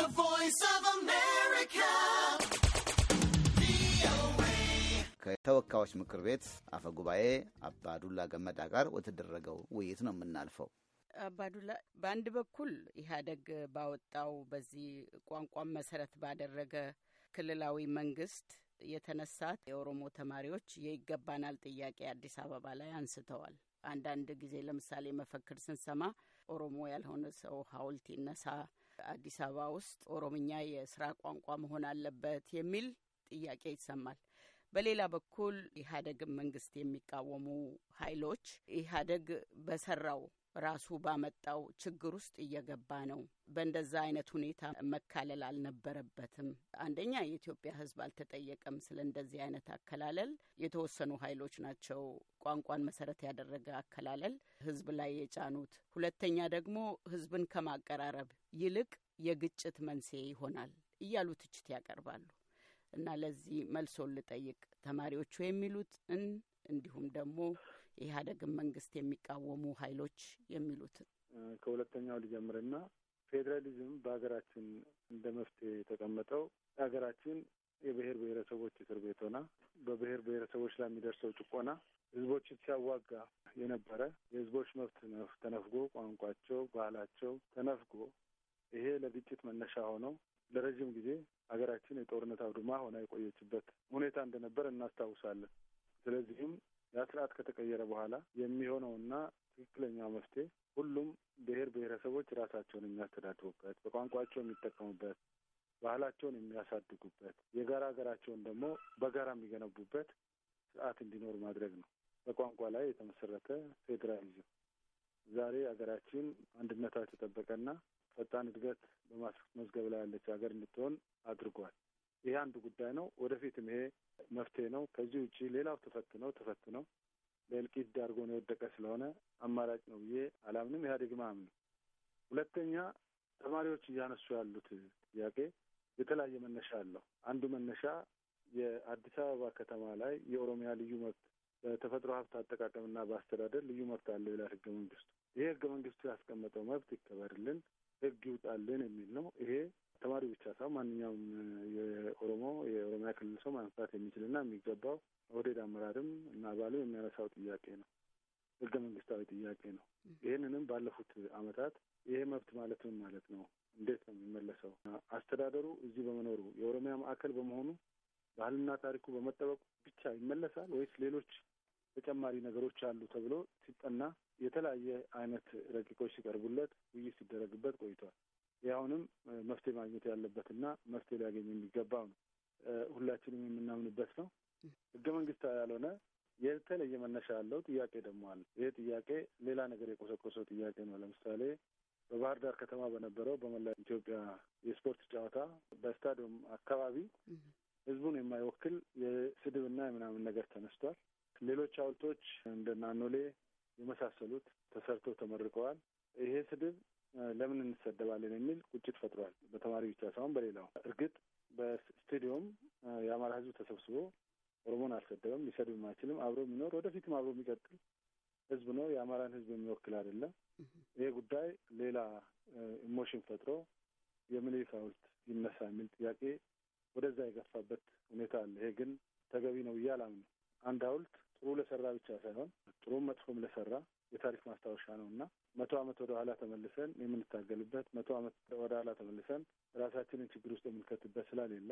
The Voice of America. ከተወካዮች ምክር ቤት አፈ ጉባኤ አባዱላ ገመዳ ጋር ወተደረገው ውይይት ነው የምናልፈው። አባዱላ፣ በአንድ በኩል ኢህአደግ ባወጣው በዚህ ቋንቋን መሰረት ባደረገ ክልላዊ መንግስት የተነሳ የኦሮሞ ተማሪዎች የይገባናል ጥያቄ አዲስ አበባ ላይ አንስተዋል። አንዳንድ ጊዜ ለምሳሌ መፈክር ስንሰማ ኦሮሞ ያልሆነ ሰው ሐውልት ይነሳ አዲስ አበባ ውስጥ ኦሮምኛ የስራ ቋንቋ መሆን አለበት የሚል ጥያቄ ይሰማል። በሌላ በኩል ኢህአዴግን መንግስት የሚቃወሙ ኃይሎች ኢህአዴግ በሰራው ራሱ ባመጣው ችግር ውስጥ እየገባ ነው። በእንደዛ አይነት ሁኔታ መካለል አልነበረበትም። አንደኛ የኢትዮጵያ ሕዝብ አልተጠየቀም። ስለ እንደዚህ አይነት አከላለል የተወሰኑ ኃይሎች ናቸው ቋንቋን መሰረት ያደረገ አከላለል ሕዝብ ላይ የጫኑት። ሁለተኛ ደግሞ ሕዝብን ከማቀራረብ ይልቅ የግጭት መንስኤ ይሆናል እያሉ ትችት ያቀርባሉ እና ለዚህ መልሶ ልጠይቅ ተማሪዎቹ የሚሉትን እንዲሁም ደግሞ የኢህአዴግን መንግስት የሚቃወሙ ኃይሎች የሚሉት? ከሁለተኛው ልጀምርና ፌዴራሊዝም በሀገራችን እንደ መፍትሄ የተቀመጠው ሀገራችን የብሔር ብሔረሰቦች እስር ቤት ሆና በብሔር ብሔረሰቦች ላይ የሚደርሰው ጭቆና ህዝቦች ሲያዋጋ የነበረ የህዝቦች መብት ተነፍጎ ቋንቋቸው፣ ባህላቸው ተነፍጎ ይሄ ለግጭት መነሻ ሆኖ ለረዥም ጊዜ ሀገራችን የጦርነት አውድማ ሆና የቆየችበት ሁኔታ እንደነበር እናስታውሳለን። ስለዚህም ያ ስርዓት ከተቀየረ በኋላ የሚሆነውና ትክክለኛው መፍትሄ ሁሉም ብሔር ብሔረሰቦች ራሳቸውን የሚያስተዳድሩበት፣ በቋንቋቸው የሚጠቀሙበት፣ ባህላቸውን የሚያሳድጉበት፣ የጋራ ሀገራቸውን ደግሞ በጋራ የሚገነቡበት ስርዓት እንዲኖር ማድረግ ነው። በቋንቋ ላይ የተመሰረተ ፌዴራሊዝም ዛሬ ሀገራችን አንድነቷ የተጠበቀና ፈጣን እድገት በማስመዝገብ ላይ ያለች ሀገር እንድትሆን አድርጓል። ይሄ አንድ ጉዳይ ነው። ወደፊትም ይሄ መፍትሄ ነው። ከዚህ ውጭ ሌላው ተፈትነው ተፈትነው ለእልቂት ዳርጎ ነው የወደቀ ስለሆነ አማራጭ ነው ብዬ አላምንም። ኢህአዴግ ማምን ሁለተኛ ተማሪዎች እያነሱ ያሉት ጥያቄ የተለያየ መነሻ አለው። አንዱ መነሻ የአዲስ አበባ ከተማ ላይ የኦሮሚያ ልዩ መብት በተፈጥሮ ሀብት አጠቃቀምና በአስተዳደር ልዩ መብት አለው ይላል ህገ መንግስቱ። ይሄ ህገ መንግስቱ ያስቀመጠው መብት ይከበርልን፣ ህግ ይውጣልን የሚል ነው። ይሄ ተማሪ ብቻ ሳይሆን ማንኛውም የኦሮሞ የኦሮሚያ ክልል ሰው ማንሳት የሚችልና የሚገባው ኦህዴድ አመራርም እና አባልም የሚያነሳው ጥያቄ ነው። ህገ መንግስታዊ ጥያቄ ነው። ይህንንም ባለፉት አመታት ይሄ መብት ማለት ምን ማለት ነው? እንዴት ነው የሚመለሰው? አስተዳደሩ እዚህ በመኖሩ የኦሮሚያ ማዕከል በመሆኑ ባህልና ታሪኩ በመጠበቁ ብቻ ይመለሳል ወይስ ሌሎች ተጨማሪ ነገሮች አሉ ተብሎ ሲጠና የተለያየ አይነት ረቂቆች ሲቀርቡለት ውይይት ሲደረግበት ቆይቷል። ይህ አሁንም መፍትሄ ማግኘት ያለበትና መፍትሄ ሊያገኝ የሚገባው ነው። ሁላችንም የምናምንበት ነው። ህገ መንግስታዊ ያልሆነ የተለየ መነሻ ያለው ጥያቄ ደግሞ አለ። ይህ ጥያቄ ሌላ ነገር የቆሰቆሰው ጥያቄ ነው። ለምሳሌ በባህር ዳር ከተማ በነበረው በመላ ኢትዮጵያ የስፖርት ጨዋታ በስታዲየም አካባቢ ህዝቡን የማይወክል የስድብና የምናምን ነገር ተነስቷል። ሌሎች ሐውልቶች እንደ ናኖሌ የመሳሰሉት ተሰርተው ተመርቀዋል። ይሄ ስድብ ለምን እንሰደባለን የሚል ቁጭት ፈጥሯል። በተማሪ ብቻ ሳይሆን በሌላው። እርግጥ በስቴዲየም የአማራ ህዝብ ተሰብስቦ ኦሮሞን አልሰደበም፣ ሊሰድብም አይችልም። አብሮ የሚኖር ወደፊትም አብሮ የሚቀጥል ህዝብ ነው። የአማራን ህዝብ የሚወክል አይደለም። ይሄ ጉዳይ ሌላ ኢሞሽን ፈጥሮ የምኒልክ ሐውልት ይነሳ የሚል ጥያቄ ወደዛ የገፋበት ሁኔታ አለ። ይሄ ግን ተገቢ ነው ብዬ አላምንም። አንድ ሐውልት ጥሩ ለሰራ ብቻ ሳይሆን ጥሩም መጥፎም ለሰራ የታሪክ ማስታወሻ ነው እና መቶ ዓመት ወደ ኋላ ተመልሰን የምንታገልበት መቶ ዓመት ወደ ኋላ ተመልሰን ራሳችንን ችግር ውስጥ የምንከትበት ስላሌለ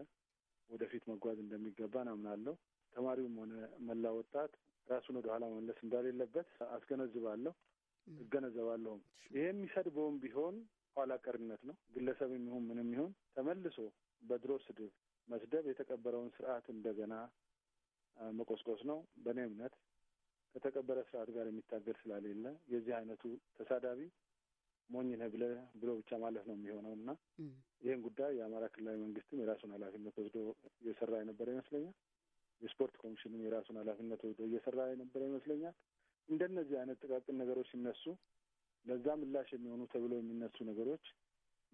ወደፊት መጓዝ እንደሚገባ አምናለሁ። ተማሪውም ሆነ መላ ወጣት ራሱን ወደ ኋላ መመለስ እንደሌለበት አስገነዝባለሁ እገነዘባለሁም። ይሄ የሚሰድበውም ቢሆን ኋላ ቀርነት ነው። ግለሰብ የሚሆን ምንም ይሁን ተመልሶ በድሮ ስድብ መስደብ የተቀበረውን ስርዓት እንደገና መቆስቆስ ነው። በእኔ እምነት ከተቀበረ ስርዓት ጋር የሚታገድ ስላሌለ የዚህ አይነቱ ተሳዳቢ ሞኝ ነህ ብሎ ብቻ ማለፍ ነው የሚሆነው እና ይህን ጉዳይ የአማራ ክልላዊ መንግስትም የራሱን ኃላፊነት ወስዶ እየሰራ የነበረ ይመስለኛል። የስፖርት ኮሚሽንም የራሱን ኃላፊነት ወስዶ እየሰራ የነበረ ይመስለኛል። እንደነዚህ አይነት ጥቃቅን ነገሮች ሲነሱ ለዛ ምላሽ የሚሆኑ ተብሎ የሚነሱ ነገሮች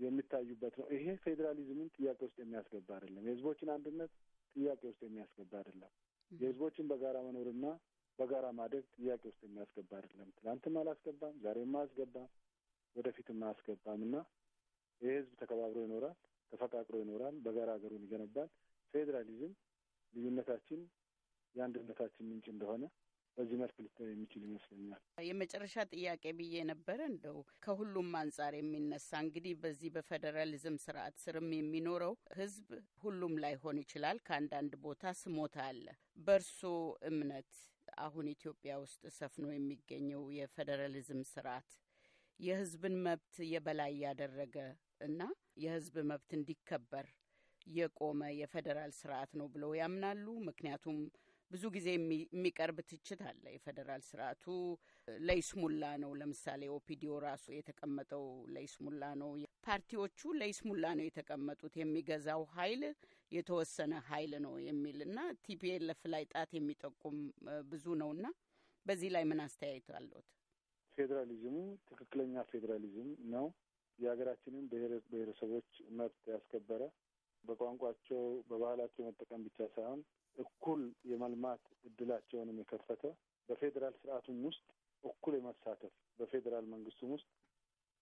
የሚታዩበት ነው። ይሄ ፌዴራሊዝምን ጥያቄ ውስጥ የሚያስገባ አይደለም። የህዝቦችን አንድነት ጥያቄ ውስጥ የሚያስገባ አይደለም። የህዝቦችን በጋራ መኖርና በጋራ ማደግ ጥያቄ ውስጥ የሚያስገባ አይደለም። ትናንትም አላስገባም፣ ዛሬም አያስገባም፣ ወደፊትም አያስገባም እና ይህ ህዝብ ተከባብሮ ይኖራል፣ ተፈቃቅሮ ይኖራል፣ በጋራ ሀገሩን ይገነባል። ፌዴራሊዝም ልዩነታችን የአንድነታችን ምንጭ እንደሆነ በዚህ መልክ ልታይ የሚችል ይመስለኛል። የመጨረሻ ጥያቄ ብዬ ነበረ እንደው ከሁሉም አንጻር የሚነሳ እንግዲህ በዚህ በፌዴራሊዝም ስርዓት ስርም የሚኖረው ህዝብ ሁሉም ላይሆን ይችላል። ከአንዳንድ ቦታ ስሞታ አለ። በእርሶ እምነት አሁን ኢትዮጵያ ውስጥ ሰፍኖ የሚገኘው የፌዴራሊዝም ስርዓት የህዝብን መብት የበላይ ያደረገ እና የህዝብ መብት እንዲከበር የቆመ የፌዴራል ስርዓት ነው ብለው ያምናሉ? ምክንያቱም ብዙ ጊዜ የሚቀርብ ትችት አለ። የፌዴራል ስርዓቱ ለይስሙላ ነው። ለምሳሌ ኦፒዲዮ ራሱ የተቀመጠው ለይስሙላ ነው። ፓርቲዎቹ ለይስሙላ ነው የተቀመጡት። የሚገዛው ኃይል የተወሰነ ኃይል ነው የሚል እና ቲፒኤልኤፍ ላይ ጣት የሚጠቁም ብዙ ነው እና በዚህ ላይ ምን አስተያየት አለዎት? ፌዴራሊዝሙ ትክክለኛ ፌዴራሊዝም ነው። የሀገራችንን ብሔረሰቦች መብት ያስከበረ በቋንቋቸው በባህላቸው መጠቀም ብቻ ሳይሆን እኩል የመልማት እድላቸውንም የከፈተ በፌዴራል ስርዓቱም ውስጥ እኩል የመሳተፍ በፌዴራል መንግስቱም ውስጥ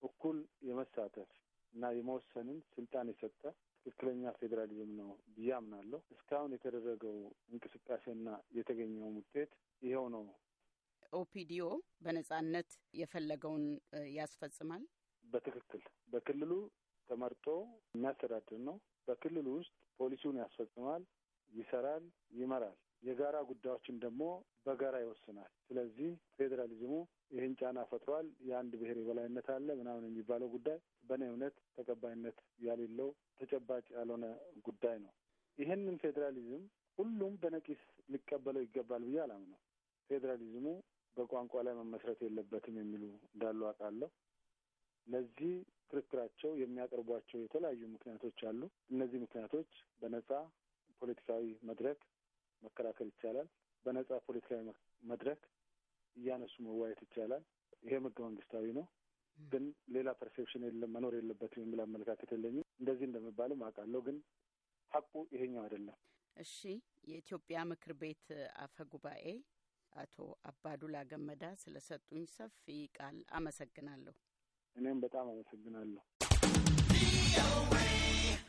እኩል የመሳተፍ እና የመወሰንን ስልጣን የሰጠ ትክክለኛ ፌዴራሊዝም ነው ብዬ አምናለሁ። እስካሁን የተደረገው እንቅስቃሴና የተገኘውም ውጤት ይኸው ነው። ኦፒዲዮ በነጻነት የፈለገውን ያስፈጽማል። በትክክል በክልሉ ተመርጦ የሚያስተዳድር ነው። በክልሉ ውስጥ ፖሊሲውን ያስፈጽማል። ይሰራል፣ ይመራል። የጋራ ጉዳዮችን ደግሞ በጋራ ይወስናል። ስለዚህ ፌዴራሊዝሙ ይህን ጫና ፈጥሯል። የአንድ ብሔር የበላይነት አለ ምናምን የሚባለው ጉዳይ በእኔ እምነት ተቀባይነት ያሌለው ተጨባጭ ያልሆነ ጉዳይ ነው። ይህንን ፌዴራሊዝም ሁሉም በነቂስ ሊቀበለው ይገባል ብዬ አላምነው። ፌዴራሊዝሙ በቋንቋ ላይ መመስረት የለበትም የሚሉ እንዳሉ አውቃለሁ። ለዚህ ክርክራቸው የሚያቀርቧቸው የተለያዩ ምክንያቶች አሉ። እነዚህ ምክንያቶች በነጻ ፖለቲካዊ መድረክ መከላከል ይቻላል። በነጻ ፖለቲካዊ መድረክ እያነሱ መዋየት ይቻላል። ይሄም ህገ መንግስታዊ ነው። ግን ሌላ ፐርሴፕሽን የለም መኖር የለበትም የሚል አመለካከት የለኝም። እንደዚህ እንደሚባልም አውቃለሁ፣ ግን ሀቁ ይሄኛው አይደለም። እሺ፣ የኢትዮጵያ ምክር ቤት አፈ ጉባኤ አቶ አባዱላ ገመዳ ስለሰጡኝ ሰፊ ቃል አመሰግናለሁ። እኔም በጣም አመሰግናለሁ።